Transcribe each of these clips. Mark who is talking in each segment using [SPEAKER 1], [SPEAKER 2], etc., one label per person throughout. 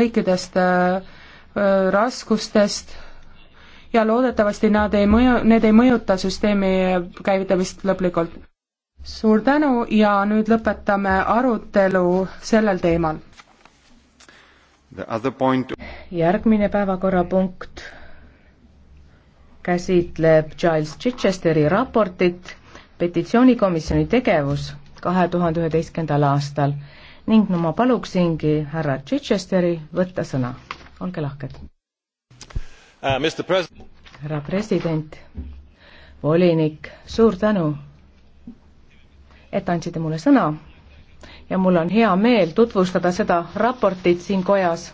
[SPEAKER 1] kõikidest äh, äh, raskustest ja loodetavasti nad ei mõju, need ei mõjuta süsteemi käivitamist lõplikult. suur tänu ja nüüd lõpetame arutelu sellel teemal. Point...
[SPEAKER 2] järgmine päevakorrapunkt käsitleb Giles Chichesteri raportit petitsioonikomisjoni tegevus kahe tuhande üheteistkümnendal aastal ning no ma paluksingi härra Chichesteri võtta sõna. olge lahked uh,. härra president, volinik, suur tänu, et andsite mulle sõna ja mul on hea meel tutvustada seda raportit siin kojas,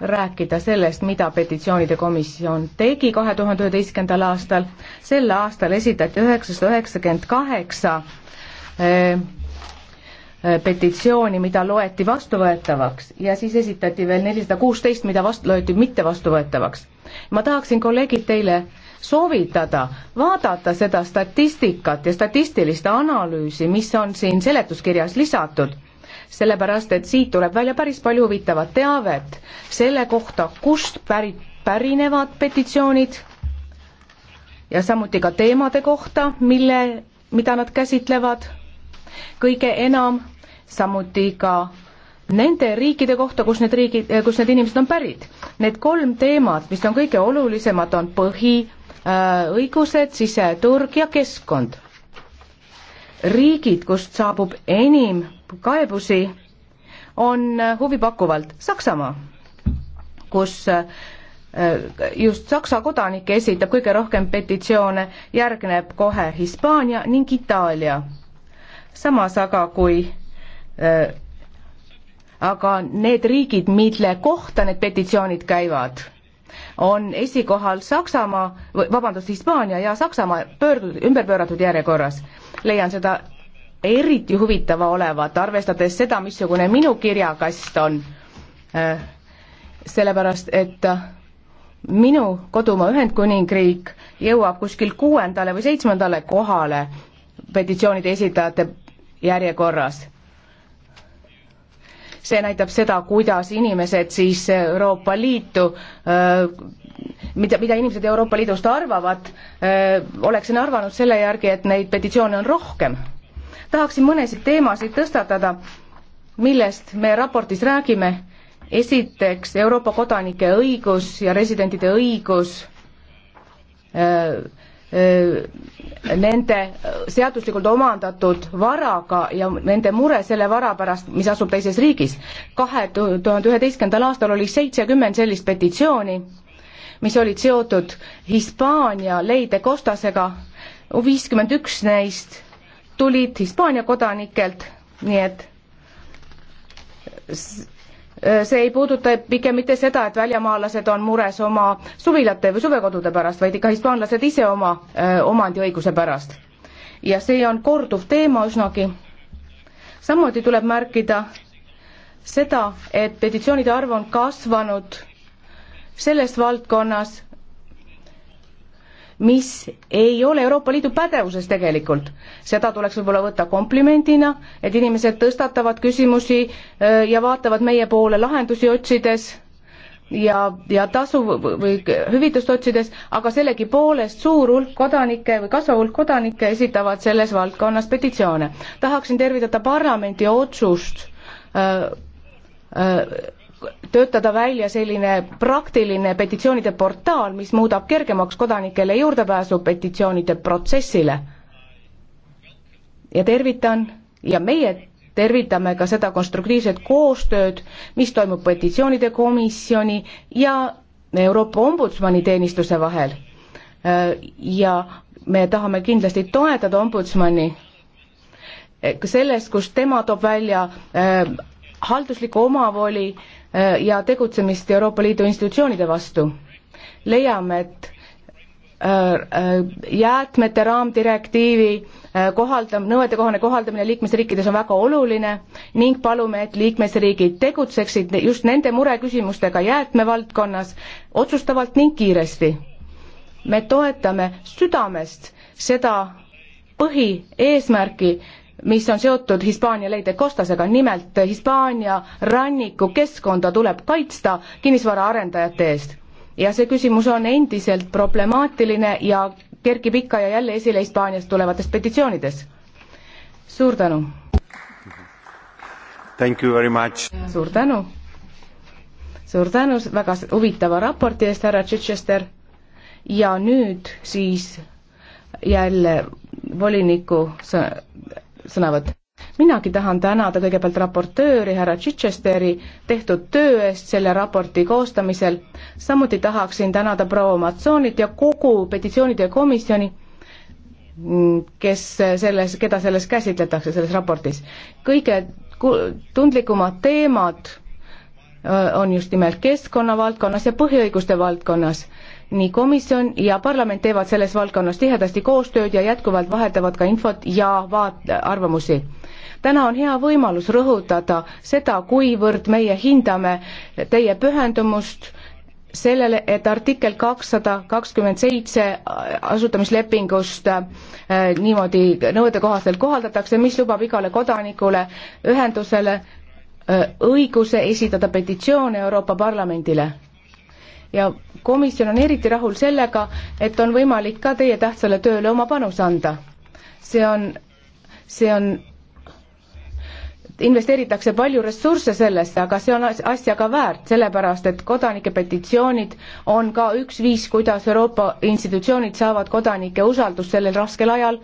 [SPEAKER 2] rääkida sellest, mida petitsioonide komisjon tegi kahe tuhande üheteistkümnendal aastal. sel aastal esitati üheksasada üheksakümmend kaheksa eh, Äh, petitsiooni, mida loeti vastuvõetavaks ja siis esitati veel nelisada kuusteist, mida vast-, loeti mitte vastuvõetavaks. ma tahaksin, kolleegid, teile soovitada vaadata seda statistikat ja statistilist analüüsi, mis on siin seletuskirjas lisatud, sellepärast et siit tuleb välja päris palju huvitavat teavet selle kohta, kust pärit, pärinevad petitsioonid ja samuti ka teemade kohta, mille, mida nad käsitlevad kõige enam, samuti ka nende riikide kohta, kus need riigid, kus need inimesed on pärit. Need kolm teemat, mis on kõige olulisemad, on põhiõigused, äh, siseturg ja keskkond. riigid, kust saabub enim kaebusi, on äh, huvipakkuvalt Saksamaa, kus äh, just Saksa kodanikke esitab kõige rohkem petitsioone, järgneb kohe Hispaania ning Itaalia samas aga kui äh, aga need riigid, mille kohta need petitsioonid käivad, on esikohal Saksamaa, vabandust, Hispaania ja Saksamaa pöördud, ümberpööratud järjekorras. leian seda eriti huvitava olevat, arvestades seda, missugune minu kirjakast on äh,. sellepärast, et äh, minu kodumaa Ühendkuningriik jõuab kuskil kuuendale või seitsmendale kohale petitsioonide esitajate järjekorras. see näitab seda, kuidas inimesed siis Euroopa Liitu äh, mida, mida inimesed Euroopa Liidust arvavad, äh, oleksin arvanud selle järgi, et neid petitsioone on rohkem. tahaksin mõnesid teemasid tõstatada, millest me raportis räägime. esiteks Euroopa kodanike õigus ja residentide õigus öö, äh, nende seaduslikult omandatud varaga ja nende mure selle vara pärast, mis asub teises riigis. kahe tuhande üheteistkümnendal aastal oli seitsekümmend sellist petitsiooni, mis olid seotud Hispaania Leide Kostasega, viiskümmend üks neist tulid Hispaania kodanikelt, nii et Äh, see ei puuduta pigem mitte seda, et väljamaalased on mures oma suvilate või suvekodude pärast, vaid ikka hispaanlased ise oma öö, äh, omandiõiguse pärast. ja see on korduv teema üsnagi. samuti tuleb märkida seda, et petitsioonide arv on kasvanud selles valdkonnas, mis ei ole Euroopa Liidu pädevuses tegelikult. seda tuleks võib-olla võtta komplimendina, et inimesed tõstatavad küsimusi äh, ja vaatavad meie poole lahendusi otsides ja, ja tasu või hüvitust otsides, aga sellegipoolest suur hulk kodanikke või kasvav hulk kodanikke esitavad selles valdkonnas petitsioone. tahaksin tervitada parlamendi otsust öö, äh, öö, äh, töötada välja selline praktiline petitsioonide portaal, mis muudab kergemaks kodanikele juurdepääsu petitsioonide protsessile. ja tervitan ja meie tervitame ka seda konstruktiivset koostööd, mis toimub petitsioonide komisjoni ja Euroopa Ombudsmani teenistuse vahel. ja me tahame kindlasti toetada Ombudsmani ka selles, kus tema toob välja eh, haldusliku omavoli äh, Äh, ja tegutsemist Euroopa Liidu institutsioonide vastu. leiame, et äh, äh, jäätmete raamdirektiivi kohaldam-, nõuetekohane kohaldamine liikmesriikides on väga oluline ning palume, et liikmesriigid tegutseksid just nende mureküsimustega jäätmevaldkonnas otsustavalt ning kiiresti. me toetame südamest seda põhieesmärki, mis on seotud Hispaania leide Costasega, nimelt Hispaania rannikukeskkonda tuleb kaitsta kinnisvaraarendajate eest. ja see küsimus on endiselt problemaatiline ja kerkib ikka ja jälle esile Hispaaniast tulevates petitsioonides. suur tänu! suur tänu! suur tänu väga huvitava raporti eest, härra Chichester, ja nüüd siis jälle voliniku sõnavõtt. minagi tahan tänada kõigepealt raportööri härra Chichesteri tehtud töö eest selle raporti koostamisel. samuti tahaksin tänada proua Matsoonit ja kogu petitsioonide komisjoni, mm, kes selles, keda selles käsitletakse, selles raportis. kõige tundlikumad teemad on just nimelt keskkonna valdkonnas ja põhiõiguste valdkonnas nii komisjon ja parlament teevad selles valdkonnas tihedasti koostööd ja jätkuvalt vahetavad ka infot ja vaat-, arvamusi. täna on hea võimalus rõhutada seda, kuivõrd meie hindame teie pühendumust sellele, et artikkel kakssada kakskümmend seitse asutamislepingust äh, niimoodi nõuetekohaselt kohaldatakse, mis lubab igale kodanikule, ühendusele äh, õiguse esitada petitsioone Euroopa Parlamendile ja komisjon on eriti rahul sellega, et on võimalik ka teie tähtsale tööle oma panus anda. see on, see on investeeritakse palju ressursse sellesse, aga see on asja ka väärt, sellepärast et kodanike petitsioonid on ka üks viis, kuidas Euroopa institutsioonid saavad kodanike usaldust sellel raskel ajal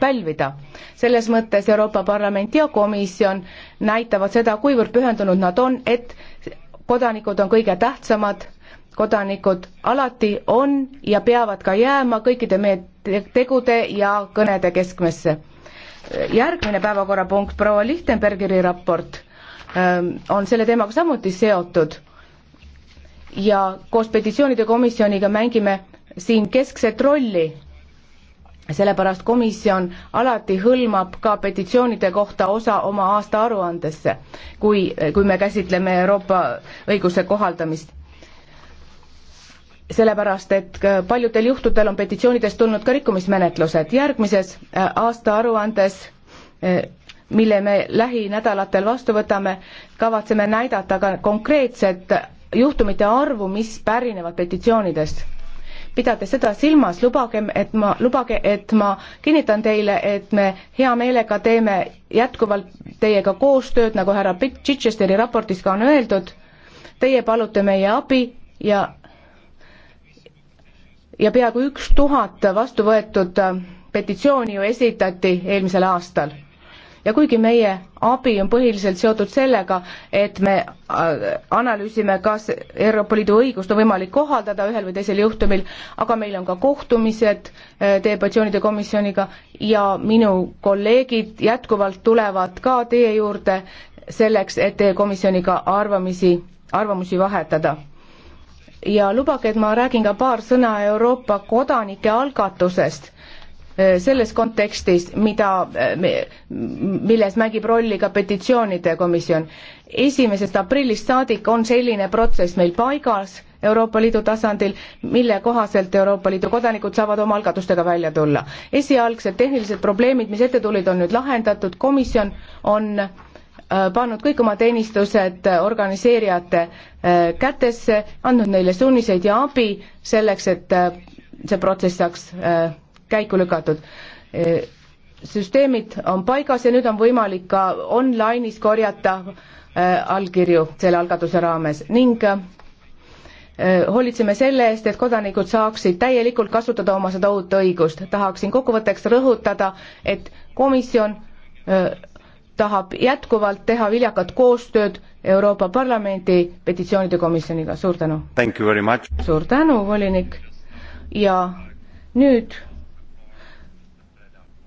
[SPEAKER 2] pälvida. selles mõttes Euroopa Parlament ja komisjon näitavad seda, kuivõrd pühendunud nad on, et kodanikud on kõige tähtsamad kodanikud alati on ja peavad ka jääma kõikide meie tegude ja kõnede keskmesse. järgmine päevakorrapunkt, proua Lichtenbergeri raport, ähm, on selle teemaga samuti seotud ja koos petitsioonide komisjoniga mängime siin keskset rolli sellepärast komisjon alati hõlmab ka petitsioonide kohta osa oma aastaaruandesse, kui, kui me käsitleme Euroopa õiguse kohaldamist sellepärast, et paljudel juhtudel on petitsioonidest tulnud ka rikkumismenetlused. järgmises äh, aastaaruandes, äh, mille me lähinädalatel vastu võtame, kavatseme näidata ka konkreetset juhtumite arvu, mis pärinevad petitsioonidest. pidades seda silmas, lubage, et ma, lubage, et ma kinnitan teile, et me hea meelega teeme jätkuvalt teiega koostööd, nagu härra Chichesteri raportis ka on öeldud, teie palute meie abi ja ja peaaegu üks tuhat vastu võetud äh, petitsiooni ju esitati eelmisel aastal. ja kuigi meie abi on põhiliselt seotud sellega, et me äh, analüüsime, kas Euroopa Liidu õigust on võimalik kohaldada ühel või teisel juhtumil, aga meil on ka kohtumised äh, debatsioonide komisjoniga ja minu kolleegid jätkuvalt tulevad ka teie juurde selleks, et teie komisjoniga arvamisi, arvamusi vahetada ja lubage, et ma räägin ka paar sõna Euroopa kodanike algatusest eh, selles kontekstis, mida, eh, milles mängib rolli ka petitsioonide komisjon. esimesest aprillist saadik on selline protsess meil paigas Euroopa Liidu tasandil, mille kohaselt Euroopa Liidu kodanikud saavad oma algatustega välja tulla. esialgsed tehnilised probleemid, mis ette tulid, on nüüd lahendatud, komisjon on Äh, pannud kõik oma teenistused äh, organiseerijate äh, kätesse, andnud neile suuniseid ja abi selleks, et see protsess saaks käiku lükatud. süsteemid on paigas ja nüüd on võimalik ka online'is korjata allkirju selle algatuse raames ning hoolitseme selle eest, et kodanikud saaksid täielikult kasutada oma seda uut õigust. tahaksin kokkuvõtteks rõhutada, et komisjon tahab jätkuvalt teha viljakat koostööd Euroopa Parlamendi petitsioonide komisjoniga, suur tänu! suur tänu, volinik, ja nüüd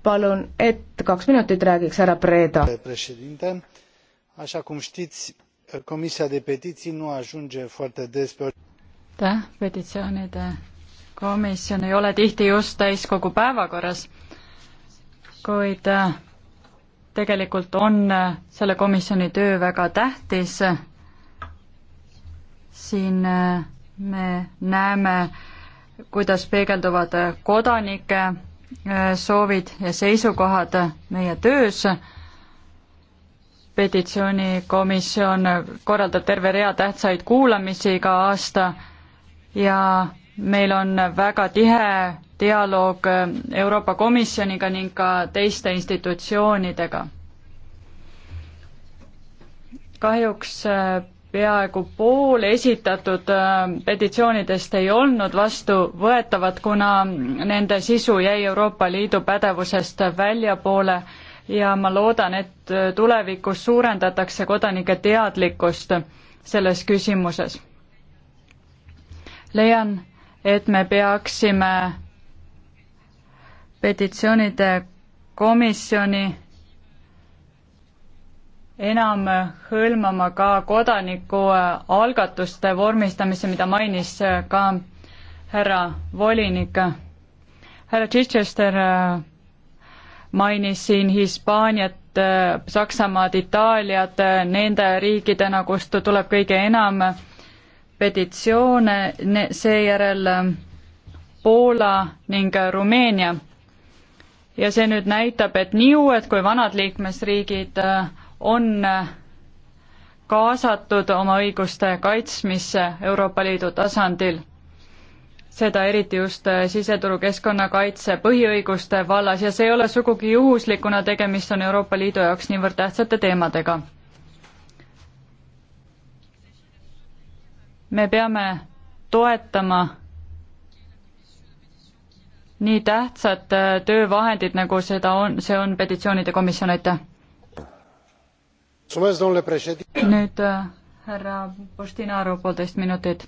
[SPEAKER 2] palun, et kaks minutit räägiks härra Preda.
[SPEAKER 1] aitäh,
[SPEAKER 2] petitsioonide
[SPEAKER 3] komisjon ei ole tihti just täiskogu päevakorras, kuid tegelikult on äh, selle komisjoni töö väga tähtis. siin äh, me näeme, kuidas peegelduvad äh, kodanike soovid ja seisukohad meie töös. petitsioonikomisjon korraldab terve rea tähtsaid kuulamisi iga aasta ja meil on väga tihe dialoog äh, Euroopa Komisjoniga ning ka teiste institutsioonidega. kahjuks äh, peaaegu pool esitatud äh, petitsioonidest ei olnud vastuvõetavad, kuna nende sisu jäi Euroopa Liidu pädevusest väljapoole ja ma loodan, et tulevikus suurendatakse kodanike teadlikkust selles küsimuses. leian, et me peaksime petitsioonide komisjoni enam hõlmama ka kodanikualgatuste äh, vormistamise, mida mainis äh, ka härra volinik. härra Chichester äh, mainis siin Hispaaniat, Saksamaad, Itaaliat, nende riikidena, kust tuleb kõige enam petitsioone, seejärel Poola ning Rumeenia ja see nüüd näitab, et nii uued kui vanad liikmesriigid äh, on äh, kaasatud oma õiguste kaitsmisse Euroopa Liidu tasandil. seda eriti just äh, siseturu keskkonnakaitse põhiõiguste vallas ja see ei ole sugugi juhuslik, kuna tegemist on Euroopa Liidu jaoks niivõrd tähtsate teemadega. me peame toetama nii tähtsad äh, töövahendid, nagu seda on, see on petitsioonide komisjon, aitäh!
[SPEAKER 1] nüüd
[SPEAKER 3] äh, härra Postinaru poolteist minutit.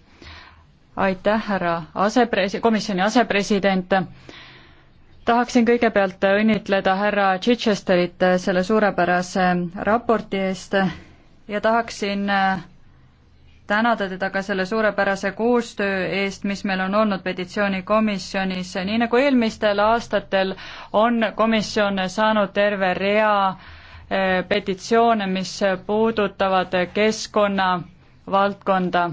[SPEAKER 3] aitäh, härra asepres-, komisjoni asepresident. tahaksin kõigepealt õnnitleda härra Chichesterit selle suurepärase raporti eest ja tahaksin äh, tänada teda ka selle suurepärase koostöö eest, mis meil on olnud petitsioonikomisjonis, nii nagu eelmistel aastatel on komisjon saanud terve rea eh, petitsioone, mis puudutavad keskkonnavaldkonda.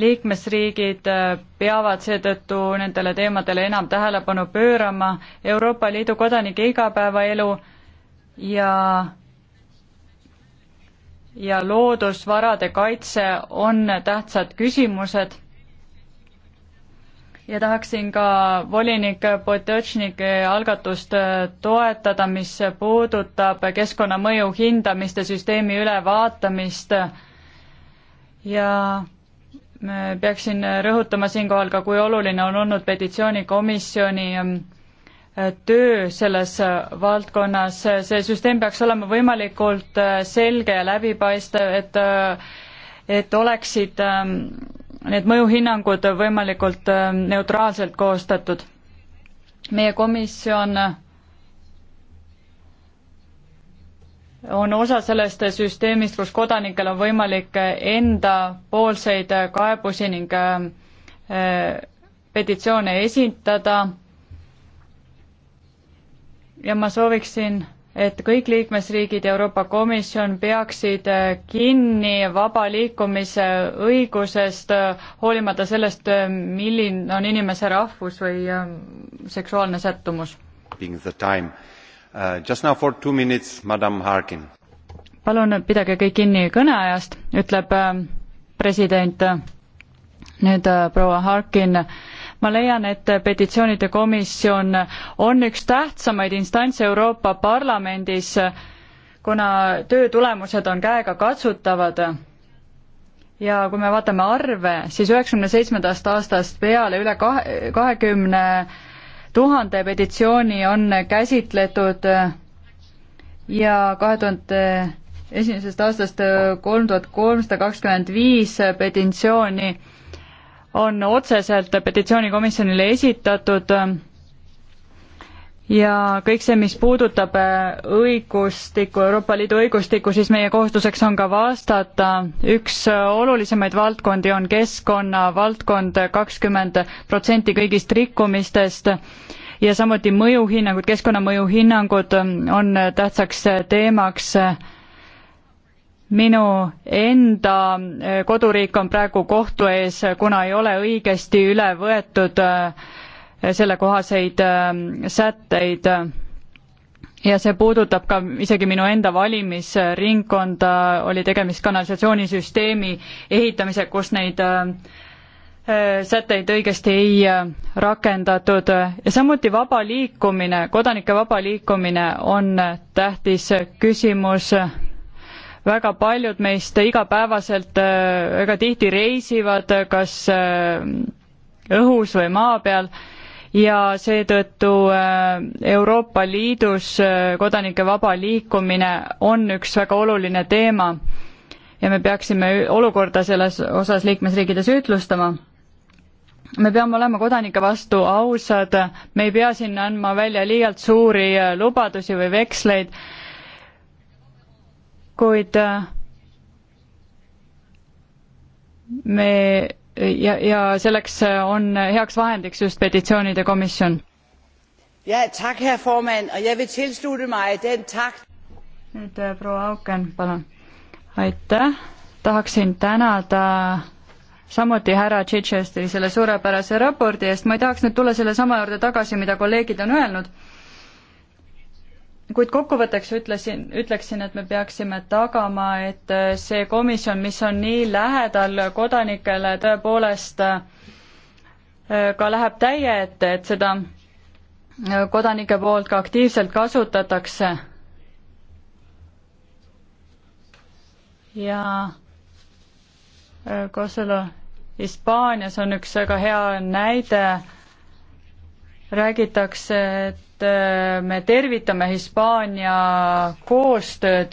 [SPEAKER 3] liikmesriigid eh, peavad seetõttu nendele teemadele enam tähelepanu pöörama, Euroopa Liidu kodanike igapäevaelu ja ja loodusvarade kaitse on tähtsad küsimused. ja tahaksin ka volinik Potočnike algatust äh, toetada, mis puudutab keskkonnamõju hindamist ja süsteemi ülevaatamist ja peaksin rõhutama siinkohal ka, kui oluline on olnud petitsioonikomisjoni ähm, töö selles valdkonnas, see süsteem peaks olema võimalikult äh, selge ja läbipaistev, et äh, et oleksid ähm, need mõjuhinnangud võimalikult ähm, neutraalselt koostatud. meie komisjon on osa sellest süsteemist, kus kodanikel on võimalik enda poolseid kaebusi ning äh, petitsioone esitada ja ma sooviksin, et kõik liikmesriigid ja Euroopa Komisjon peaksid äh, kinni vaba liikumise õigusest, äh, hoolimata sellest, äh, milline on inimese rahvus või seksuaalne sättumus.
[SPEAKER 2] Uh,
[SPEAKER 3] palun pidage kõik kinni kõneajast, ütleb president. nüüd proua Harkin ma leian, et petitsioonide komisjon on üks tähtsamaid instantse Euroopa Parlamendis, kuna töö tulemused on käegakatsutavad ja kui me vaatame arve, siis üheksakümne seitsmendast aastast peale üle kahe, kahekümne tuhande petitsiooni on käsitletud ja kahe tuhande esimesest aastast kolm tuhat kolmsada kakskümmend viis petitsiooni on otseselt petitsioonikomisjonile esitatud ja kõik see, mis puudutab õigustikku, Euroopa Liidu õigustikku, siis meie kohustuseks on ka vastata. üks olulisemaid valdkondi on keskkonnavaldkond, kakskümmend protsenti kõigist rikkumistest ja samuti mõjuhinnangud, keskkonnamõju hinnangud on tähtsaks teemaks minu enda äh, koduriik on praegu kohtu ees, kuna ei ole õigesti üle võetud äh, sellekohaseid äh, sätteid. ja see puudutab ka isegi minu enda valimisringkonda, oli tegemist kanalisatsioonisüsteemi ehitamise, kus neid sätteid õigesti ei rakendatud ja samuti vaba liikumine, kodanike vaba liikumine on tähtis küsimus väga paljud meist igapäevaselt äh, väga tihti reisivad kas äh, õhus või maa peal ja seetõttu äh, Euroopa Liidus kodanike vaba liikumine on üks väga oluline teema ja me peaksime olukorda selles osas liikmesriikides ütlustama me peame olema kodanike vastu ausad, me ei pea siin andma välja liialt suuri lubadusi või veksleid, kuid äh, me ja, ja selleks äh, on heaks vahendiks just petitsioonide komisjon. nüüd äh, proua Auken, palun. aitäh, tahaksin tänada samuti härra Chichesteri selle suurepärase raporti eest, ma ei tahaks nüüd tulla selle sama juurde tagasi, mida kolleegid on öelnud kuid kokkuvõtteks ütlesin, ütleksin, et me peaksime tagama, et äh, see komisjon, mis on nii lähedal kodanikele, tõepoolest äh, ka läheb täie ette, et seda äh, kodanike poolt ka aktiivselt kasutatakse. ja Kosovo Hispaanias on üks väga hea näide, räägitakse, et et äh, me tervitame Hispaania koostööd,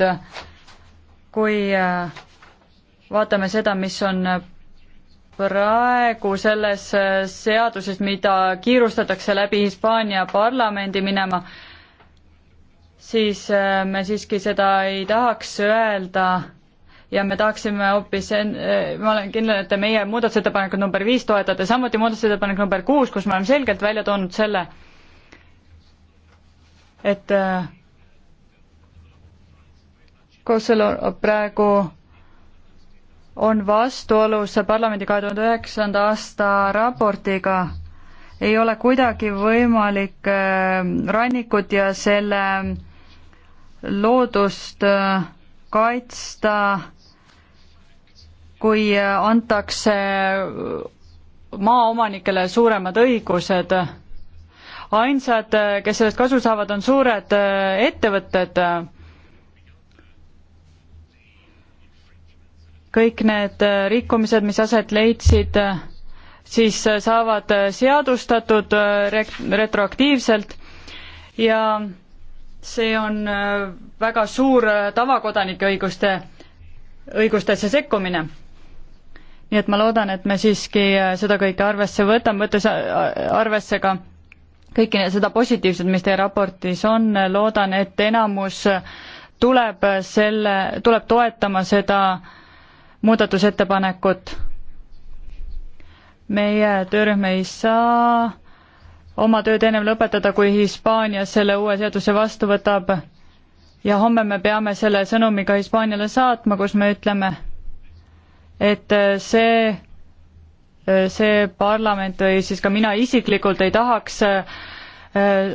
[SPEAKER 3] kui äh, vaatame seda, mis on praegu selles äh, seaduses, mida kiirustatakse läbi Hispaania parlamendi minema, siis me siiski seda ei tahaks öelda ja me tahaksime hoopis, ma olen kindel, et te meie muudatusettepanekut number viis toetate, samuti muudatusettepanek number kuus, kus me oleme selgelt välja toonud selle, et äh, Kosovo praegu on vastuolus parlamendi kahe tuhande üheksanda aasta raportiga ei ole kuidagi võimalik äh, rannikut ja selle loodust äh, kaitsta, kui antakse maaomanikele suuremad õigused ainsad, kes sellest kasu saavad, on suured äh, ettevõtted. kõik need äh, rikkumised, mis aset leidsid, äh, siis saavad seadustatud retroaktiivselt ja see on väga suur tavakodanike õiguste, õigustesse sekkumine nii et ma loodan, et me siiski seda kõike arvesse võtame, võttes arvesse ka kõike seda positiivset, mis teie raportis on, loodan, et enamus tuleb selle, tuleb toetama seda muudatusettepanekut. meie töörühm ei saa oma tööd ennem lõpetada, kui Hispaanias selle uue seaduse vastu võtab. ja homme me peame selle sõnumi ka Hispaaniale saatma, kus me ütleme, et see see parlament või siis ka mina isiklikult ei tahaks äh,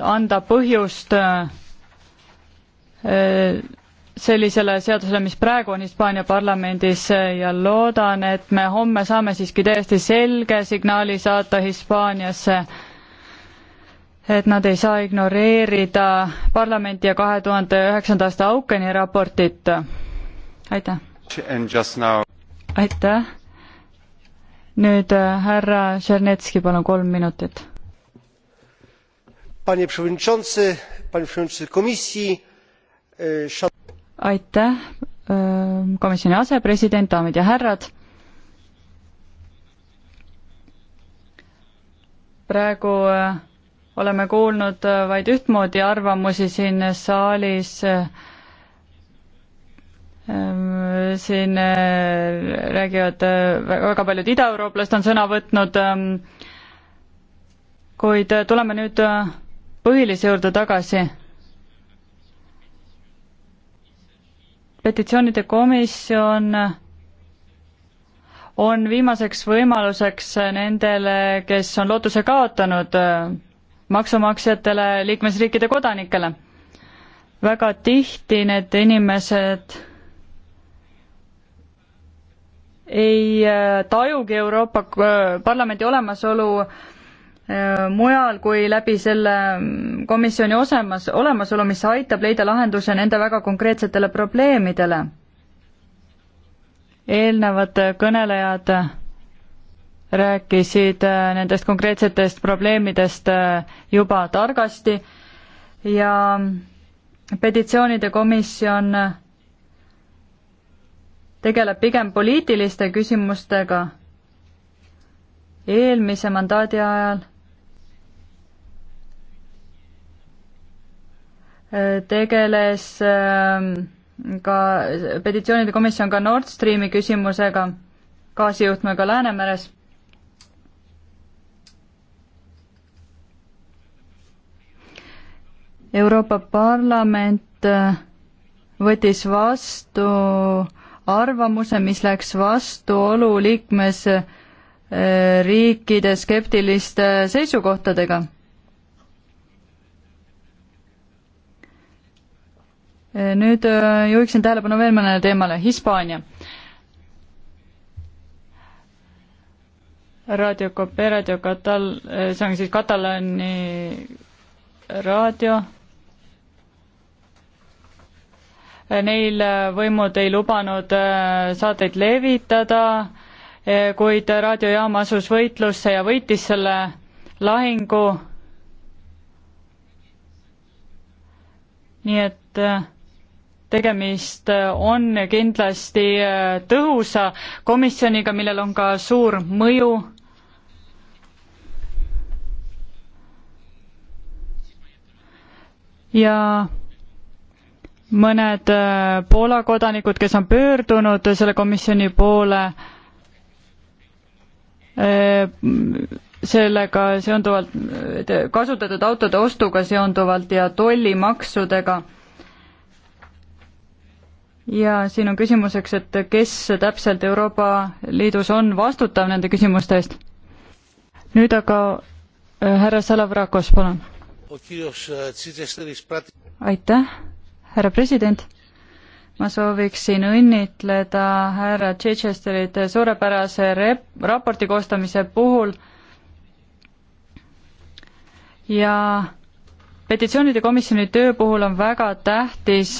[SPEAKER 3] anda põhjust äh, sellisele seadusele, mis praegu on Hispaania parlamendis äh, ja loodan, et me homme saame siiski täiesti selge signaali saata Hispaaniasse, et nad ei saa ignoreerida parlamenti ja kahe tuhande üheksanda aasta Aukeni raportit. aitäh! aitäh! nüüd äh, härra Tšernetski, palun kolm minutit. E, aitäh, e, komisjoni asepresident, daamid ja härrad praegu e, oleme kuulnud vaid ühtmoodi arvamusi siin saalis Ehm, siin äh, räägivad, äh, väga paljud idaeurooplased on sõna võtnud, ehm, kuid äh, tuleme nüüd põhilise juurde tagasi. petitsioonide komisjon on viimaseks võimaluseks nendele, kes on lootuse kaotanud, maksumaksjatele, liikmesriikide kodanikele. väga tihti need inimesed ei äh, tajugi Euroopa äh, Parlamendi olemasolu äh, mujal kui läbi selle mm, komisjoni osemas, olemasolu, mis aitab leida lahenduse nende väga konkreetsetele probleemidele. eelnevad kõnelejad rääkisid nendest konkreetsetest probleemidest juba targasti ja petitsioonide komisjon tegeleb pigem poliitiliste küsimustega. eelmise mandaadi ajal äh, tegeles ähm, ka petitsioonide komisjon ka Nord Streami küsimusega, gaasijuhtmega Läänemeres Euroopa Parlament äh, võttis vastu arvamuse, mis läks vastuolu liikmesriikide skeptiliste seisukohtadega. nüüd äh, juhiksin tähelepanu veel mõnele teemale, Hispaania. Raadio Cooperadio Katal-, äh, see on siis Katalaani raadio neil äh, võimud ei lubanud äh, saateid levitada, äh, kuid raadiojaam asus võitlusse ja võitis selle lahingu. nii et tegemist on kindlasti tõhusa komisjoniga, millel on ka suur mõju ja mõned äh, Poola kodanikud, kes on pöördunud selle komisjoni poole äh, sellega seonduvalt, kasutatud autode ostuga seonduvalt ja tollimaksudega. ja siin on küsimuseks, et kes täpselt Euroopa Liidus on vastutav nende küsimuste eest? nüüd aga äh, härra Salavrakos, palun. aitäh härra president, ma sooviksin õnnitleda härra Chichesterit suurepärase rep-, raporti koostamise puhul ja petitsioonide komisjoni töö puhul on väga tähtis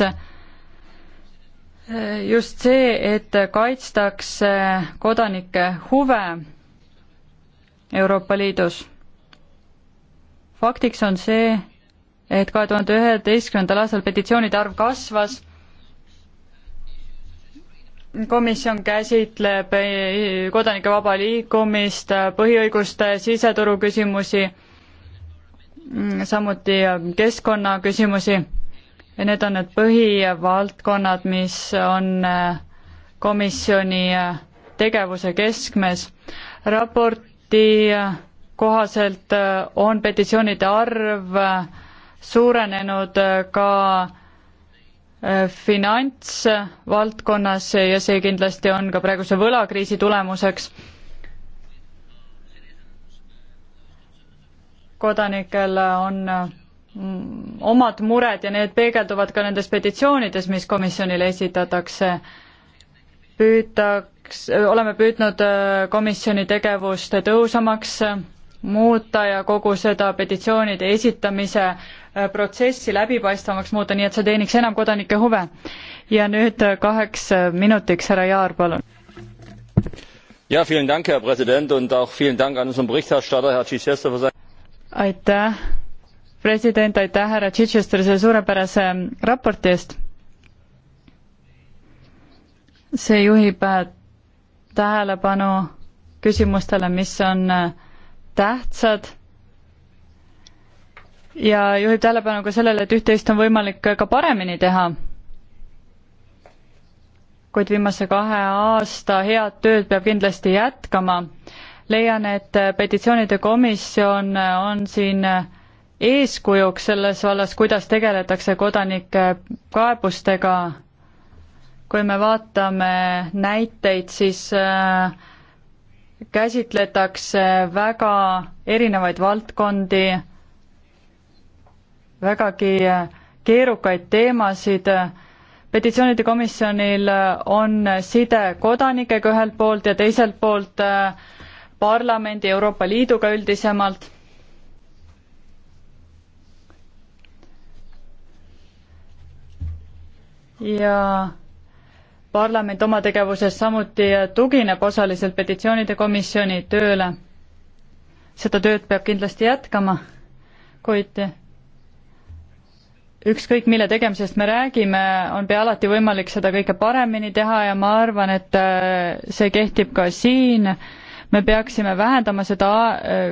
[SPEAKER 3] just see, et kaitstakse kodanike huve Euroopa Liidus. faktiks on see, et kahe tuhande üheteistkümnendal aastal petitsioonide arv kasvas komisjon käsitleb kodanike vaba liikumist, põhiõiguste siseturu küsimusi, samuti keskkonnaküsimusi ja need on need põhivaldkonnad, mis on komisjoni tegevuse keskmes. raporti kohaselt on petitsioonide arv suurenenud äh, ka äh, finantsvaldkonnas ja see kindlasti on ka praeguse võlakriisi tulemuseks. kodanikel on mm, omad mured ja need peegelduvad ka nendes petitsioonides, mis komisjonile esitatakse. püütaks, oleme püüdnud äh, komisjoni tegevust tõhusamaks muuta ja kogu seda petitsioonide esitamise äh, protsessi läbipaistvamaks muuta, nii et see teeniks enam kodanike huve. ja nüüd äh, kaheks äh, minutiks härra Jaar, palun. Ja, vielen Dank, Herr Präsident, und auch vielen Dank an unseren Berichterstatter, Herr Chichester, für sein aitäh, president, aitäh, härra Chichester, selle suurepärase ähm, raporti eest. see juhib tähelepanu küsimustele, mis on äh, tähtsad ja juhib tähelepanu ka sellele, et üht-teist on võimalik ka paremini teha. kuid viimase kahe aasta head tööd peab kindlasti jätkama. leian, et petitsioonide komisjon on siin eeskujuks selles vallas, kuidas tegeletakse kodanike kaebustega. kui me vaatame näiteid, siis äh, käsitletakse väga erinevaid valdkondi, vägagi keerukaid teemasid. petitsioonide komisjonil on side kodanikega ühelt poolt ja teiselt poolt äh, parlamendi, Euroopa Liiduga üldisemalt. ja parlament oma tegevuses samuti tugineb osaliselt petitsioonide komisjoni tööle. seda tööd peab kindlasti jätkama, kuid ükskõik, mille tegemisest me räägime, on pea alati võimalik seda kõike paremini teha ja ma arvan, et äh, see kehtib ka siin, me peaksime vähendama seda äh,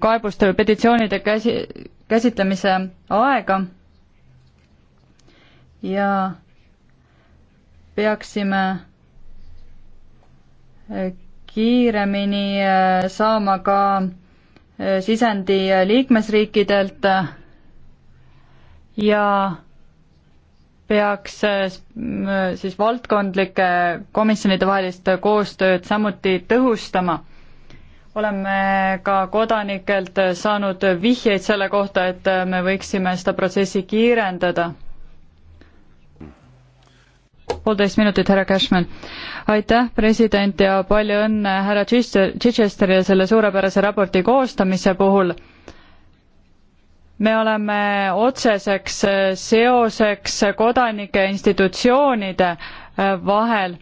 [SPEAKER 3] kaebuste või petitsioonide käsi, käsitlemise aega ja peaksime eh, kiiremini eh, saama ka eh, sisendi liikmesriikidelt ja peaks siis valdkondlike komisjonide vahelist koostööd samuti tõhustama. oleme ka kodanikelt saanud vihjeid selle kohta, et me võiksime seda protsessi kiirendada poolteist minutit, härra Cashman. aitäh, president ja palju õnne härra Chichesterile selle suurepärase raporti koostamise puhul me oleme otseseks äh, seoseks kodanike institutsioonide äh, vahel.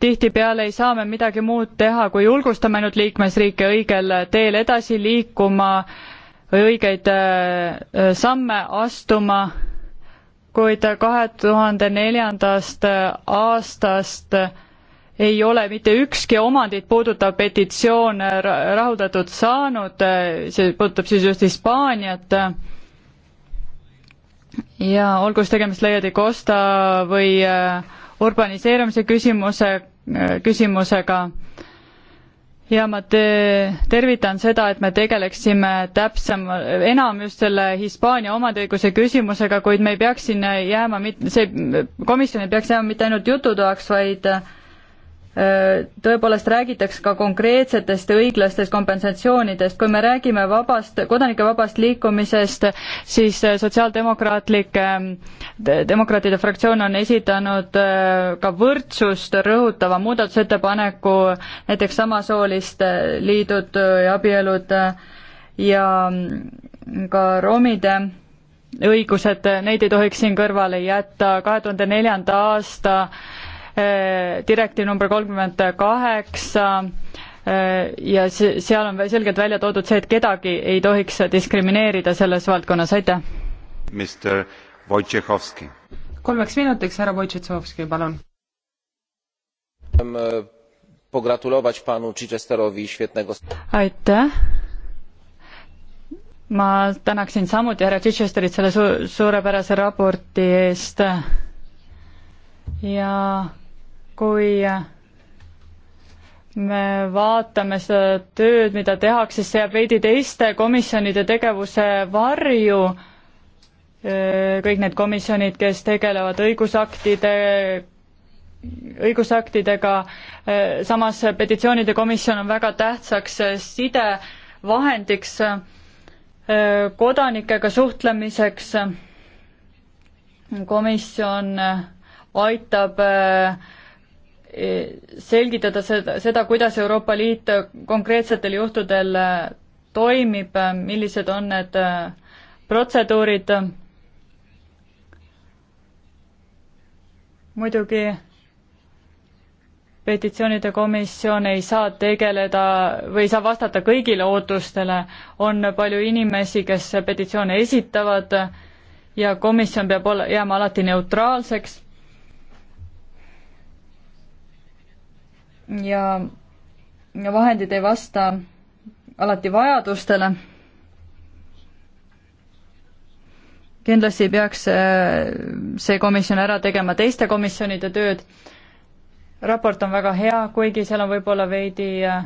[SPEAKER 3] tihtipeale ei saa me midagi muud teha, kui julgustame ainult liikmesriike õigel teel edasi liikuma või õigeid äh, samme astuma kuid kahe tuhande neljandast aastast ei ole mitte ükski omandit puudutav petitsioon rahuldatud saanud, see puudutab siis just Hispaaniat, ja olgu siis tegemist Leia de Costa või äh, urbaniseerumise küsimuse, äh, küsimusega, ja ma te-, tervitan seda, et me tegeleksime täpsem, enam just selle Hispaania omandiõiguse küsimusega, kuid me ei peaks siin jääma mit-, see komisjon ei peaks jääma mitte ainult jututoaks, vaid äh, tõepoolest räägitakse ka konkreetsetest ja õiglastest kompensatsioonidest. kui me räägime vabast, kodanike vabast liikumisest, siis sotsiaaldemokraatlike, demokraatide fraktsioon on esitanud äh, ka võrdsust rõhutava muudatusettepaneku, näiteks samasooliste liidud ja abielud ja ka romide õigused, neid ei tohiks siin kõrvale jätta, kahe tuhande neljanda aasta Äh, direktiiv number kolmkümmend kaheksa äh, ja seal on selgelt välja toodud see, et kedagi ei tohiks diskrimineerida selles valdkonnas, aitäh.
[SPEAKER 1] kolmeks minutiks, härra Wojciechowski, palun. E, aitäh
[SPEAKER 3] ma tänaksin samuti härra Chichesterit selle su-, suurepärase raporti eest ja kui me vaatame seda tööd, mida tehakse, see jääb veidi teiste komisjonide tegevuse varju, kõik need komisjonid, kes tegelevad õigusaktide, õigusaktidega, samas petitsioonide komisjon on väga tähtsaks sidevahendiks kodanikega suhtlemiseks, komisjon aitab äh, selgitada seda, seda, kuidas Euroopa Liit konkreetsetel juhtudel äh, toimib, äh, millised on need äh, protseduurid. muidugi petitsioonide komisjon ei saa tegeleda või ei saa vastata kõigile ootustele, on palju inimesi, kes petitsioone esitavad ja komisjon peab ole, jääma alati neutraalseks ja vahendid ei vasta alati vajadustele. kindlasti peaks äh, see komisjon ära tegema teiste komisjonide tööd. raport on väga hea, kuigi seal on võib-olla veidi äh,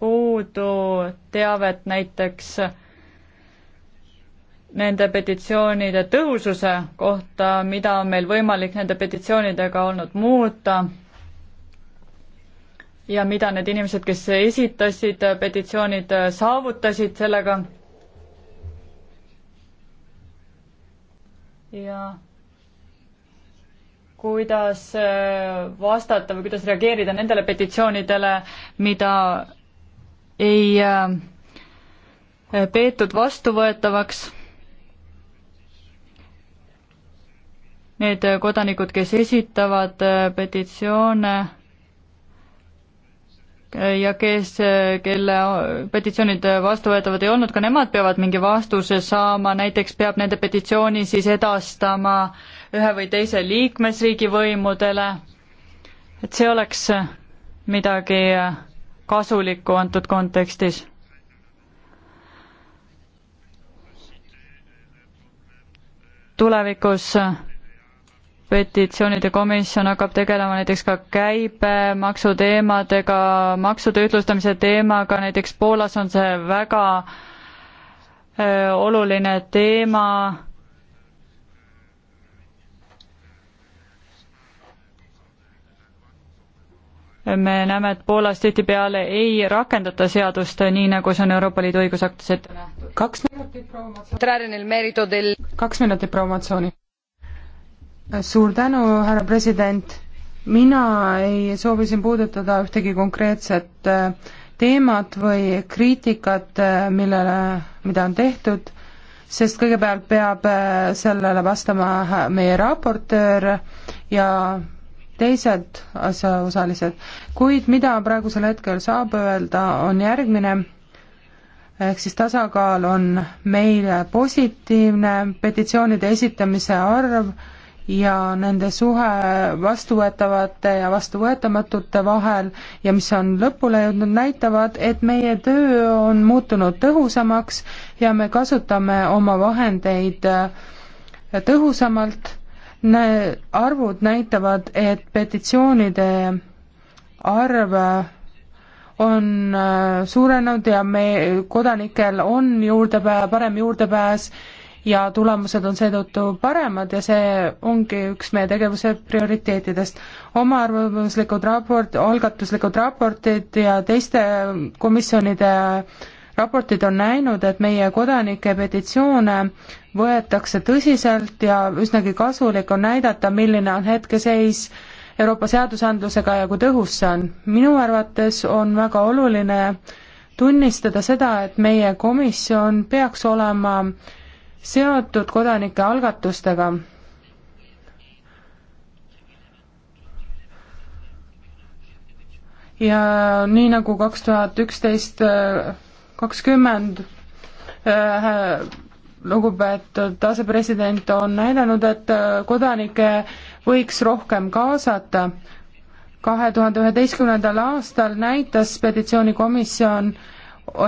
[SPEAKER 3] puudu teavet näiteks äh, nende petitsioonide tõhususe kohta, mida on meil võimalik nende petitsioonidega olnud muuta ja mida need inimesed, kes esitasid petitsioonid, saavutasid sellega. ja kuidas äh, vastata või kuidas reageerida nendele petitsioonidele, mida ei äh, peetud vastuvõetavaks need kodanikud, kes esitavad äh, petitsioone, ja kes, kelle petitsioonid vastuvõetavad ei olnud, ka nemad peavad mingi vastuse saama, näiteks peab nende petitsiooni siis edastama ühe või teise liikmesriigi võimudele, et see oleks midagi kasulikku antud kontekstis. tulevikus petitsioonide komisjon hakkab tegelema näiteks ka käibemaksu teemadega, maksude ühtlustamise teemaga, näiteks Poolas on see väga oluline teema. me näeme, et Poolas tihtipeale ei rakendata seadust nii, nagu see on Euroopa Liidu
[SPEAKER 1] õigusaktis ette nähtud. kaks minutit, proua Matsooni. kaks minutit, proua Matsooni suur tänu, härra president. mina ei soovi siin puudutada ühtegi konkreetset äh, teemat või kriitikat, äh, millele, mida on tehtud, sest kõigepealt peab äh, sellele vastama meie raportöör ja teised asjaosalised. kuid mida praegusel hetkel saab öelda, on järgmine ehk siis tasakaal on meil positiivne, petitsioonide esitamise arv ja nende suhe vastuvõetavate ja vastuvõetamatute vahel ja mis on lõpule jõudnud, näitavad, et meie töö on muutunud tõhusamaks ja me kasutame oma vahendeid äh, tõhusamalt. arvud näitavad, et petitsioonide arv äh, on äh, suurenenud ja me, kodanikel on juurdepää-, parem juurdepääs ja tulemused on seetõttu paremad ja see ongi üks meie tegevuse prioriteetidest. omaarvamuslikud raport, algatuslikud raportid ja teiste komisjonide raportid on näinud, et meie kodanike petitsioone võetakse tõsiselt ja üsnagi kasulik on näidata, milline on hetkeseis Euroopa seadusandlusega ja kui tõhus see on. minu arvates on väga oluline tunnistada seda, et meie komisjon peaks olema äh, seotud kodanike algatustega. ja nii nagu kaks tuhat üksteist kakskümmend äh, lugupeetud asepresident on näidanud, et äh, kodanikke võiks rohkem kaasata. kahe tuhande üheteistkümnendal aastal näitas petitsioonikomisjon,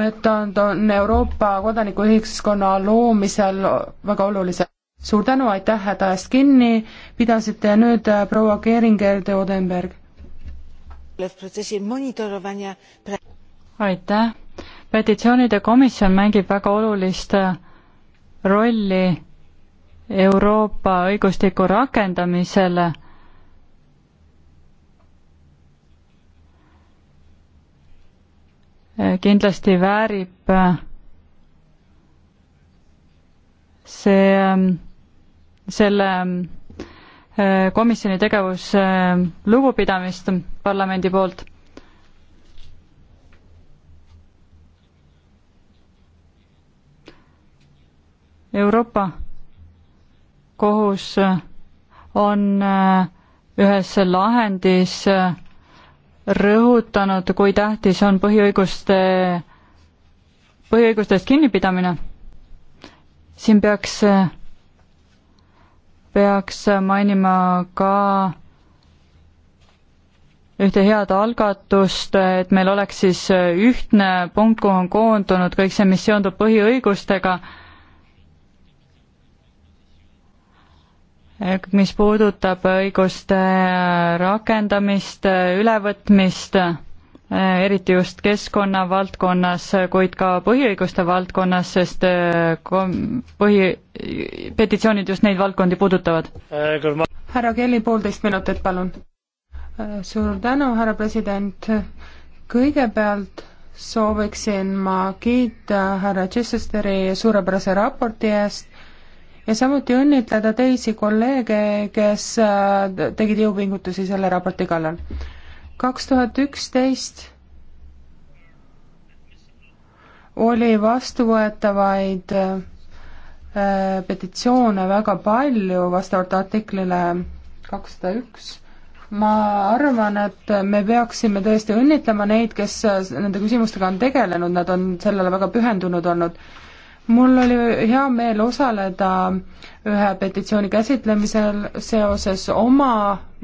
[SPEAKER 1] et on, on Euroopa kodanikuühiskonna loomisel väga olulise. suur tänu, aitäh häda eest kinni, pidasite nüüd äh, proua Geringer de Odenberg. aitäh, petitsioonide komisjon
[SPEAKER 3] mängib väga olulist äh, rolli Euroopa õigustiku rakendamisele Eh, kindlasti väärib eh, see, eh, selle komisjoni tegevus lugupidamist parlamendi poolt. Euroopa kohus on ühes lahendis äh, rõhutanud, kui tähtis on põhiõiguste, põhiõigustest kinnipidamine. siin peaks, peaks mainima ka ühte head algatust, et meil oleks siis ühtne punkt, kuhu on koondunud kõik see, mis seondub põhiõigustega mis puudutab õiguste rakendamist, ülevõtmist, eriti just keskkonna valdkonnas, kuid ka põhiõiguste valdkonnas, sest kom-, põhi, petitsioonid just neid valdkondi
[SPEAKER 1] puudutavad. härra Kelly, poolteist minutit, palun. suur tänu, härra president. kõigepealt sooviksin ma kiita härra Chichesteri suurepärase raporti eest ja samuti õnnitleda teisi kolleege, kes äh, tegid jõupingutusi selle raporti kallal. kaks tuhat üksteist oli vastuvõetavaid äh, petitsioone väga palju vastavalt artiklile kakssada üks. ma arvan, et me peaksime tõesti õnnitlema neid, kes äh, nende küsimustega on tegelenud, nad on sellele väga pühendunud olnud mul oli hea meel osaleda ühe petitsiooni käsitlemisel seoses oma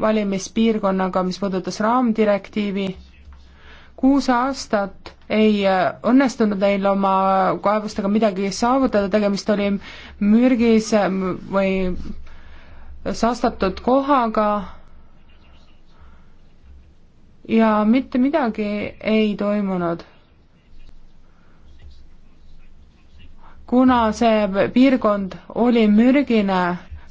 [SPEAKER 1] valimispiirkonnaga, mis puudutas raamdirektiivi. kuus aastat ei õnnestunud neil oma kaebustega midagi saavutada, tegemist oli mürgise või saastatud kohaga ja mitte midagi ei toimunud kuna see piirkond oli mürgine,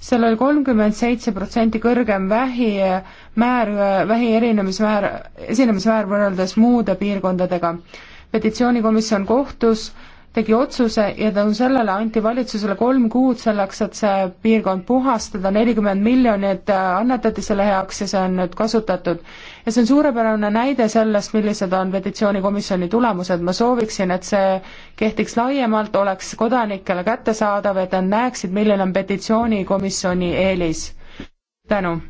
[SPEAKER 1] seal oli kolmkümmend seitse protsenti kõrgem vähimäär, vähi erinemismäär, esinemismäär võrreldes muude piirkondadega. petitsioonikomisjon kohtus, tegi otsuse ja tänu sellele anti valitsusele kolm kuud selleks, et see piirkond puhastada, nelikümmend miljonit annetati selle heaks ja see on nüüd kasutatud ja see on suurepärane näide sellest, millised on petitsioonikomisjoni tulemused, ma sooviksin, et see kehtiks laiemalt, oleks kodanikele kättesaadav, et nad näeksid, milline on petitsioonikomisjoni eelis. tänu.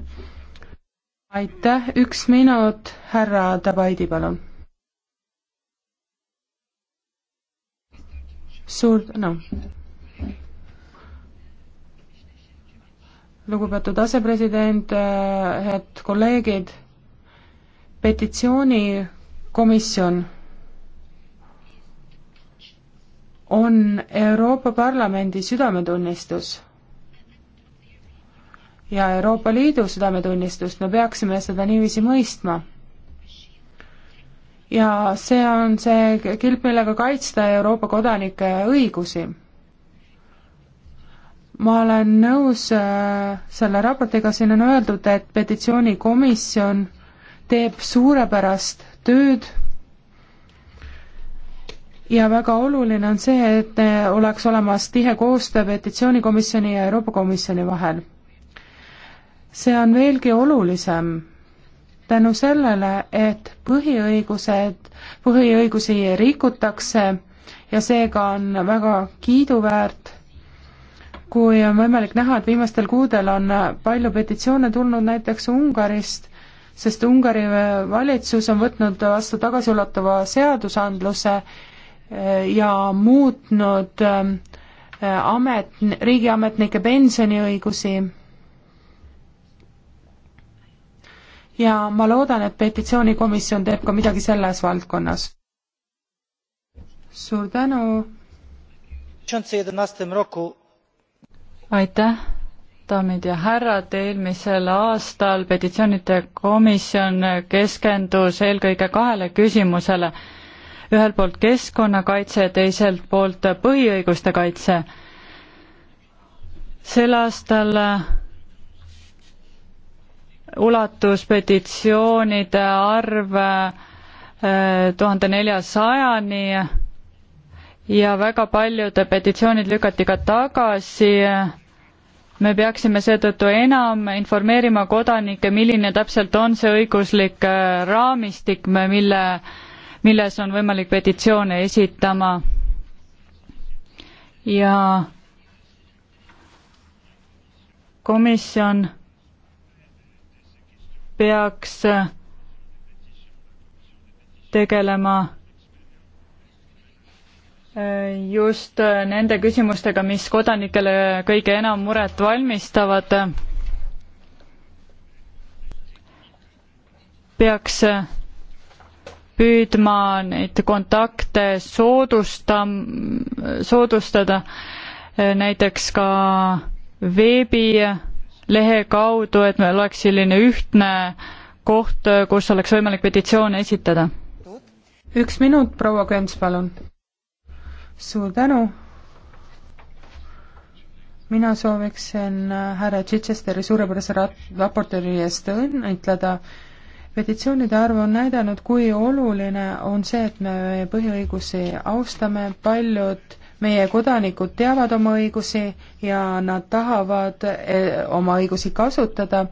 [SPEAKER 1] aitäh, üks minut, härra Dabaidi, palun. suur tänu no.. lugupeetud asepresident, äh, head kolleegid petitsioonikomisjon on Euroopa Parlamendi südametunnistus ja Euroopa Liidu südametunnistust, me peaksime seda niiviisi mõistma. ja see on see kilp, millega kaitsta Euroopa kodanike õigusi. ma olen nõus äh, selle raportiga, siin on öeldud, et petitsioonikomisjon äh, teeb suurepärast tööd ja väga oluline on see, et oleks olemas tihe koostöö petitsioonikomisjoni ja Euroopa Komisjoni vahel. see on veelgi olulisem tänu sellele, et põhiõigused, põhiõigusi rikutakse ja seega on väga kiiduväärt, kui on võimalik näha, et viimastel kuudel on palju petitsioone tulnud näiteks Ungarist, sest Ungari valitsus on võtnud vastu tagasiulatuva seadusandluse eh, ja muutnud eh, amet, riigiametnike pensioniõigusi. ja ma loodan, et petitsioonikomisjon teeb ka midagi selles valdkonnas. suur tänu. aitäh daamid
[SPEAKER 3] ja härrad, eelmisel aastal petitsioonide komisjon keskendus eelkõige kahele küsimusele. ühelt poolt keskkonnakaitse ja teiselt poolt põhiõiguste kaitse. sel aastal ulatus petitsioonide arv eh, tuhande neljasajani ja väga paljud petitsioonid lükati ka tagasi me peaksime seetõttu enam informeerima kodanikke, milline täpselt on see õiguslik äh, raamistik, mille, milles on võimalik petitsioone esitama. ja komisjon peaks äh, tegelema just nende küsimustega, mis kodanikele kõige enam muret valmistavad, peaks püüdma neid kontakte soodustam-, soodustada, näiteks ka veebilehe kaudu, et meil oleks selline ühtne koht, kus oleks võimalik petitsioone
[SPEAKER 1] esitada. üks minut, proua Köns, palun suur tänu. mina sooviksin äh, härra Chichesteri suurepärase raportööri eest õnnitleda. petitsioonide arv on näidanud, kui oluline on see, et me põhiõigusi austame, paljud meie kodanikud teavad oma õigusi ja nad tahavad eh, oma õigusi kasutada.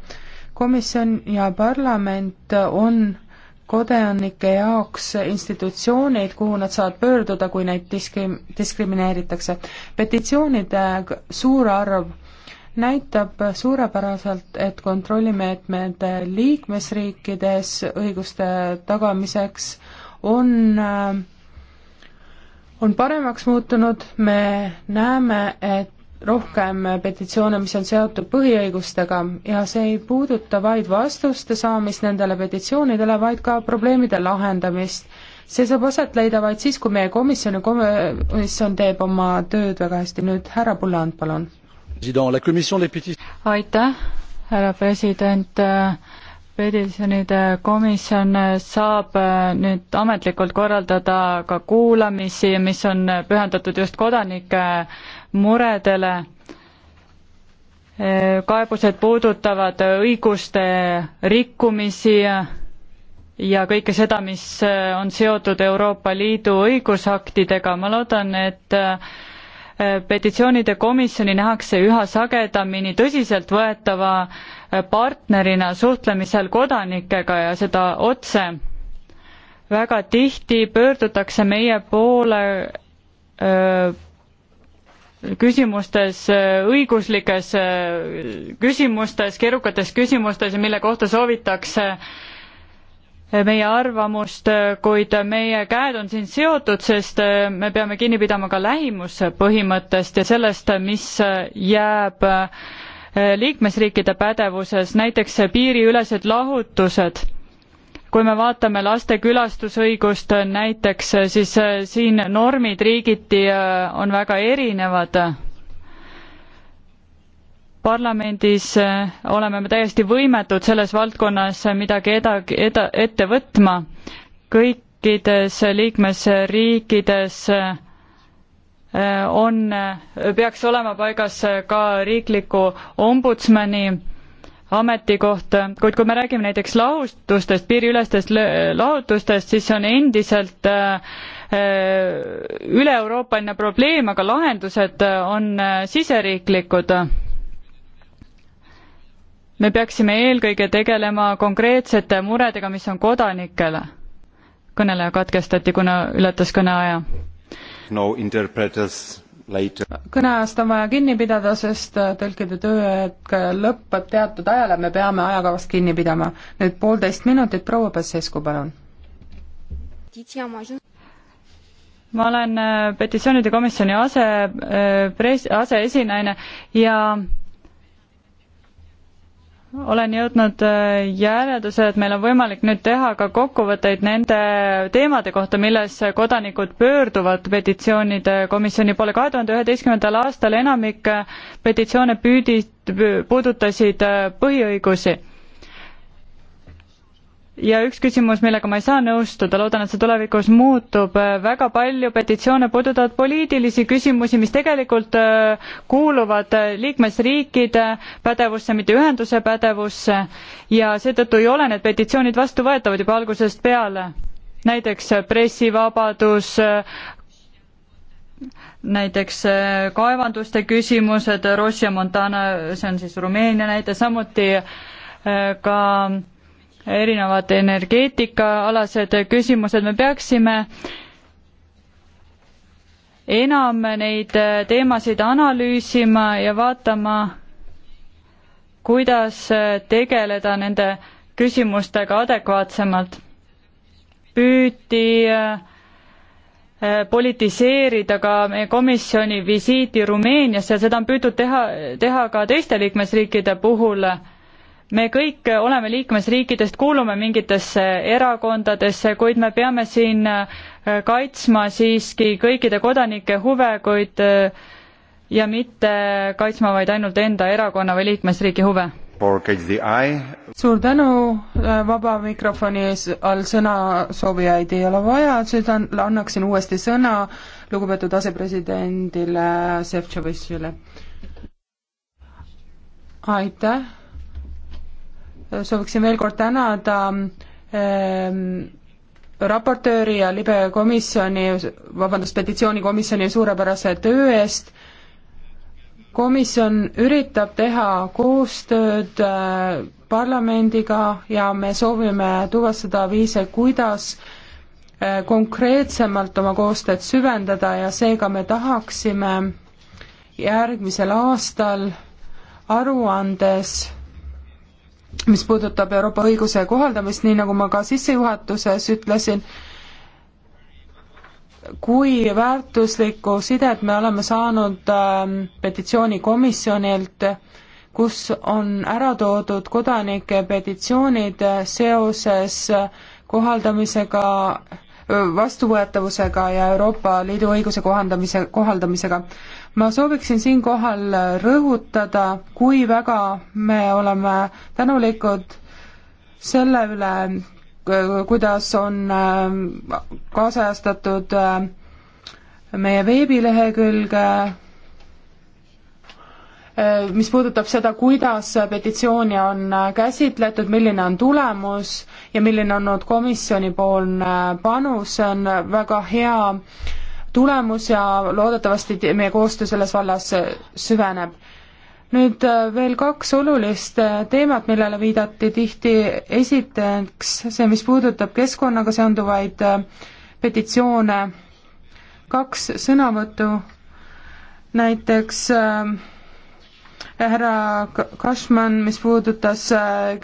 [SPEAKER 1] komisjon ja parlament on kodanike jaoks institutsioonid, kuhu nad saavad pöörduda, kui neid diskrim-, diskrimineeritakse. petitsioonide suur arv näitab suurepäraselt, et kontrollimeetmed liikmesriikides õiguste tagamiseks on, on paremaks muutunud, me näeme, et rohkem petitsioone, mis on seotud põhiõigustega ja see ei puuduta vaid vastuste saamist nendele petitsioonidele, vaid ka probleemide lahendamist. see saab aset leida vaid siis, kui meie komisjon ja komisjon teeb oma tööd väga hästi. nüüd härra Pulland, palun. aitäh, härra president petitsionide komisjon
[SPEAKER 3] saab äh, nüüd ametlikult korraldada ka kuulamisi, mis on pühendatud just kodanike muredele. kaebused puudutavad õiguste rikkumisi ja kõike seda, mis on seotud Euroopa Liidu õigusaktidega, ma loodan, et äh, petitsioonide komisjoni nähakse üha sagedamini tõsiseltvõetava äh, partnerina suhtlemisel kodanikega ja seda otse. väga tihti pöördutakse meie poole öö, äh, küsimustes, õiguslikes äh, küsimustes, keerukates küsimustes ja mille kohta soovitakse äh, meie arvamust, äh, kuid meie käed on siin seotud, sest me peame kinni pidama ka lähimuspõhimõttest ja sellest, mis jääb liikmesriikide pädevuses, näiteks piiriülesed lahutused kui me vaatame laste külastusõigust näiteks, siis äh, siin normid riigiti äh, on väga erinevad. parlamendis äh, oleme me täiesti võimetud selles valdkonnas midagi eda-, eda-, ette võtma. kõikides liikmesriikides on, peaks olema paigas ka riikliku ombudsmani ametikohta, kuid kui me räägime näiteks lahutustest, piiriülestest lahutustest, siis see on endiselt äh, äh, üle-euroopaline probleem, aga lahendused on äh, siseriiklikud. me peaksime eelkõige tegelema konkreetsete muredega, mis on kodanikel. kõneleja katkestati, kuna ületas kõneaja.
[SPEAKER 2] no interpreters
[SPEAKER 1] kõneajast on vaja kinni pidada, sest äh, tõlkide tööhetk äh, lõpeb teatud ajal ja me peame ajakavast kinni pidama. nüüd poolteist minutit, proua Pessescu, palun. ma olen
[SPEAKER 3] äh, petitsioonide komisjoni ase, pres-, aseesinaine ja olen jõudnud äh, järeldusele, et meil on võimalik nüüd teha ka kokkuvõtteid nende teemade kohta, milles kodanikud pöörduvad petitsioonide komisjoni poole. kahe tuhande üheteistkümnendal aastal enamik petitsioone püüdi, puudutasid äh, põhiõigusi ja üks küsimus, millega ma ei saa nõustuda, loodan, et see tulevikus muutub, äh, väga palju petitsioone puudutavad poliitilisi küsimusi, mis tegelikult äh, kuuluvad äh, liikmesriikide pädevusse, mitte ühenduse pädevusse ja seetõttu ei ole need petitsioonid vastuvõetavad juba algusest peale. näiteks pressivabadus, näiteks kaevanduste küsimused, Ross ja Montana, see on siis Rumeenia näide, samuti ka äh, erinevad energeetikaalased küsimused, me peaksime enam neid teemasid analüüsima ja vaatama, kuidas tegeleda nende küsimustega adekvaatsemalt. püüti äh, politiseerida ka meie komisjoni visiiti Rumeeniasse ja seda on püütud teha, teha ka teiste liikmesriikide puhul me kõik oleme liikmesriikidest, kuulume mingitesse erakondadesse, kuid me peame siin äh, kaitsma siiski kõikide kodanike huve, kuid äh, ja mitte kaitsma vaid ainult enda erakonna või liikmesriigi huve.
[SPEAKER 1] suur tänu, äh, vaba mikrofoni ees all sõnasoovijaid ei ole vaja, seda annaksin uuesti sõna lugupeetud asepresidendile Šefčovičile. aitäh sooviksin veel kord tänada ehm, raportööri ja libe komisjoni, vabandust, petitsioonikomisjoni suurepärase töö eest, komisjon üritab teha koostööd äh, parlamendiga ja me soovime tuvastada viise, kuidas äh, konkreetsemalt oma koostööd süvendada ja seega me tahaksime järgmisel aastal aruandes mis puudutab Euroopa õiguse kohaldamist, nii nagu ma ka sissejuhatuses ütlesin, kui väärtuslikku sidet me oleme saanud ähm, petitsioonikomisjonilt, kus on ära toodud kodanike petitsioonid seoses kohaldamisega, vastuvõetavusega ja Euroopa Liidu õiguse kohandamise, kohaldamisega ma sooviksin siinkohal rõhutada, kui väga me oleme tänulikud selle üle, kuidas on äh, kaasajastatud äh, meie veebilehekülge, äh, mis puudutab seda, kuidas petitsiooni on käsitletud, milline on tulemus ja milline on olnud komisjonipoolne panus, see on väga hea tulemus ja loodetavasti meie koostöö selles vallas süveneb. nüüd äh, veel kaks olulist äh, teemat, millele viidati tihti, esiteks see, mis puudutab keskkonnaga seonduvaid äh, petitsioone, kaks sõnavõttu, näiteks härra Kašman, mis puudutas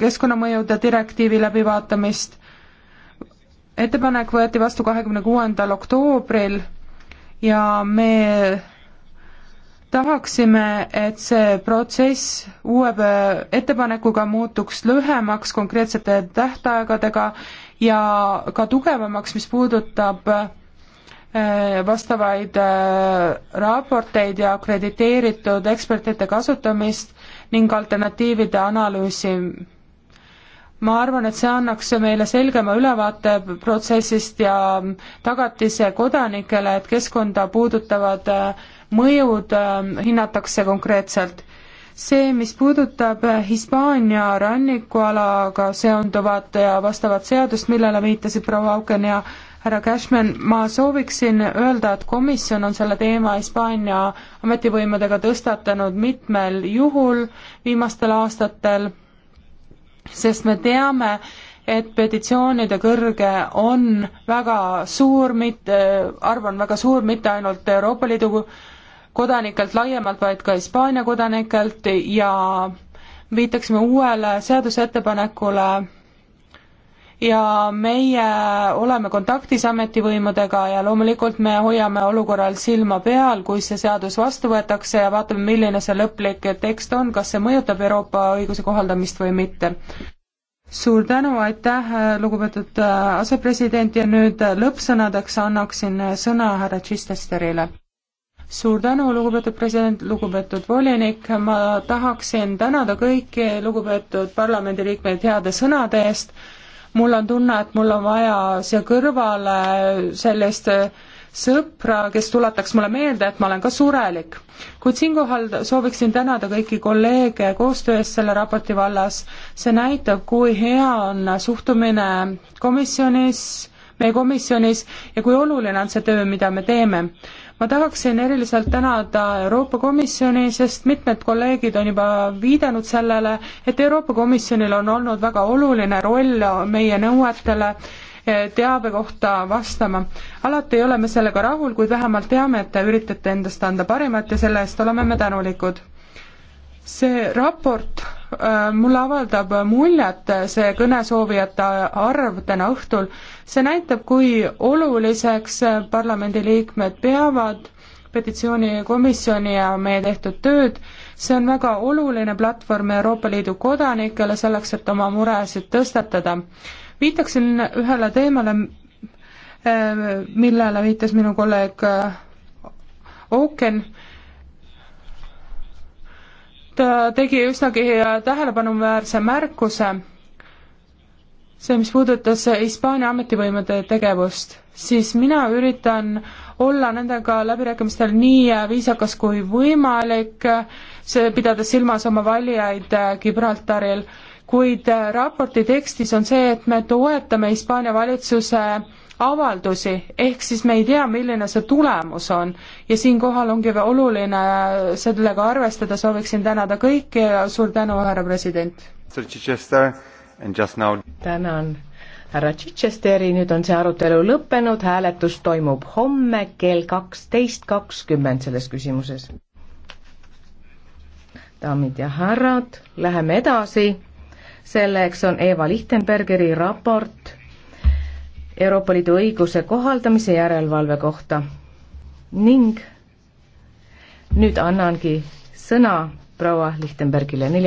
[SPEAKER 1] keskkonnamõjude direktiivi läbivaatamist, ettepanek võeti vastu kahekümne kuuendal oktoobril ja me tahaksime, et see protsess uue ettepanekuga muutuks lühemaks konkreetsete tähtaegadega ja ka tugevamaks, mis puudutab äh, vastavaid äh, raporteid ja akrediteeritud ekspertide kasutamist ning alternatiivide analüüsi ma arvan, et see annaks meile selgema ülevaate protsessist ja tagatise kodanikele, et keskkonda puudutavad äh, mõjud äh, hinnatakse konkreetselt. see, mis puudutab äh, Hispaania rannikualaga seonduvat ja vastavat seadust, millele viitasid proua Auken ja härra Cashman, ma sooviksin öelda, et komisjon on selle teema Hispaania ametivõimudega tõstatanud mitmel juhul viimastel aastatel sest me teame, et petitsioonide kõrge on väga suur, mitte, äh, arv on väga suur mitte ainult Euroopa Liidu kodanikelt laiemalt, vaid ka Hispaania kodanikelt ja viitaksime uuele seadusettepanekule ja meie oleme kontaktis ametivõimudega ja loomulikult me hoiame olukorral silma peal, kui see seadus vastu võetakse ja vaatame, milline see lõplik tekst on, kas see mõjutab Euroopa õiguse kohaldamist või mitte. suur tänu, aitäh, lugupeetud äh, asepresident ja nüüd lõppsõnadeks annaksin sõna härra Tšistesterile suur tänu, lugupeetud president, lugupeetud volinik, ma tahaksin tänada kõiki lugupeetud parlamendiliikmeid heade sõnade eest mul on tunne, et mul on vaja siia kõrvale sellist sõpra, kes tuletaks mulle meelde, et ma olen ka surelik. kuid siinkohal sooviksin tänada kõiki kolleege koostöö eest selle raporti vallas. see näitab, kui hea on suhtumine komisjonis, meie komisjonis ja kui oluline on see töö, mida me teeme ma tahaksin eriliselt tänada Euroopa Komisjoni, sest mitmed kolleegid on juba viidanud sellele, et Euroopa Komisjonil on olnud väga oluline roll meie nõuetele eh, teabe kohta vastama. alati ei ole me sellega rahul, kuid vähemalt teame, et te üritate endast anda parimat ja selle eest oleme me tänulikud. see raport Äh, mulle avaldab muljet see kõnesoovijate arv täna õhtul. see näitab, kui oluliseks parlamendiliikmed peavad petitsioonikomisjoni ja meie tehtud tööd. see on väga oluline platvorm Euroopa Liidu kodanikele selleks, et oma muresid tõstatada. viitaksin ühele teemale, äh, millele viitas minu kolleeg Oken okay ta äh, tegi üsnagi äh, tähelepanuväärse märkuse, see, mis puudutas äh, Hispaania ametivõimude tegevust, siis mina üritan olla nendega läbirääkimistel nii viisakas kui võimalik, see pidades silmas oma valijaid Gibraltaril, kuid raporti tekstis on see, et me toetame Hispaania valitsuse avaldusi, ehk siis me ei tea, milline see tulemus on. ja siinkohal ongi oluline äh, sellega arvestada, sooviksin tänada kõiki ja suur tänu, härra president!
[SPEAKER 2] tänan, härra Chichesteri, nüüd on see arutelu lõppenud, hääletus toimub homme kell kaksteist kakskümmend selles küsimuses. daamid ja härrad, läheme edasi, selleks on Eva Lichtenbergeri raport Euroopa Liidu õiguse kohaldamise järelevalve kohta ning nüüd annangi sõna proua Lichtenbergile nelja